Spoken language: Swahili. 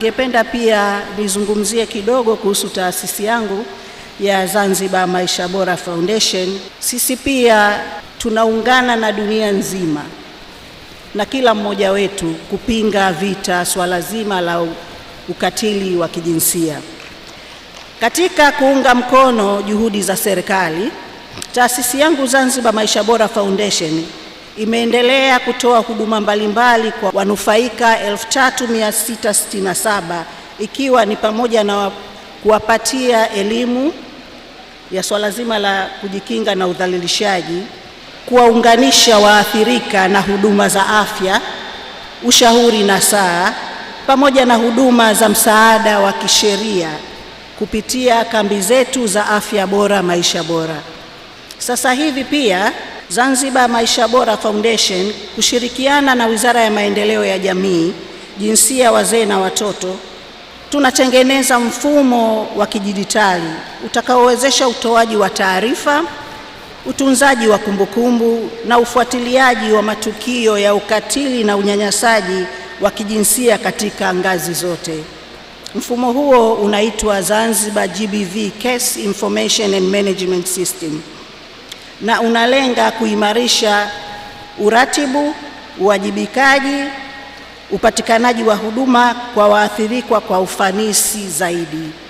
Ningependa pia nizungumzie kidogo kuhusu taasisi yangu ya Zanzibar Maisha Bora Foundation. Sisi pia tunaungana na dunia nzima na kila mmoja wetu kupinga vita swala zima la ukatili wa kijinsia. Katika kuunga mkono juhudi za serikali, taasisi yangu Zanzibar Maisha Bora Foundation imeendelea kutoa huduma mbalimbali kwa wanufaika 3667 ikiwa ni pamoja na kuwapatia elimu ya swala zima la kujikinga na udhalilishaji, kuwaunganisha waathirika na huduma za afya, ushauri na saa pamoja na huduma za msaada wa kisheria kupitia kambi zetu za afya bora maisha bora. Sasa hivi pia Zanzibar Maisha Bora Foundation kushirikiana na Wizara ya Maendeleo ya Jamii, Jinsia, Wazee na Watoto tunatengeneza mfumo wa kidijitali utakaowezesha utoaji wa taarifa, utunzaji wa kumbukumbu na ufuatiliaji wa matukio ya ukatili na unyanyasaji wa kijinsia katika ngazi zote. Mfumo huo unaitwa Zanzibar GBV Case Information and Management System na unalenga kuimarisha uratibu, uwajibikaji, upatikanaji wa huduma kwa waathirikwa kwa ufanisi zaidi.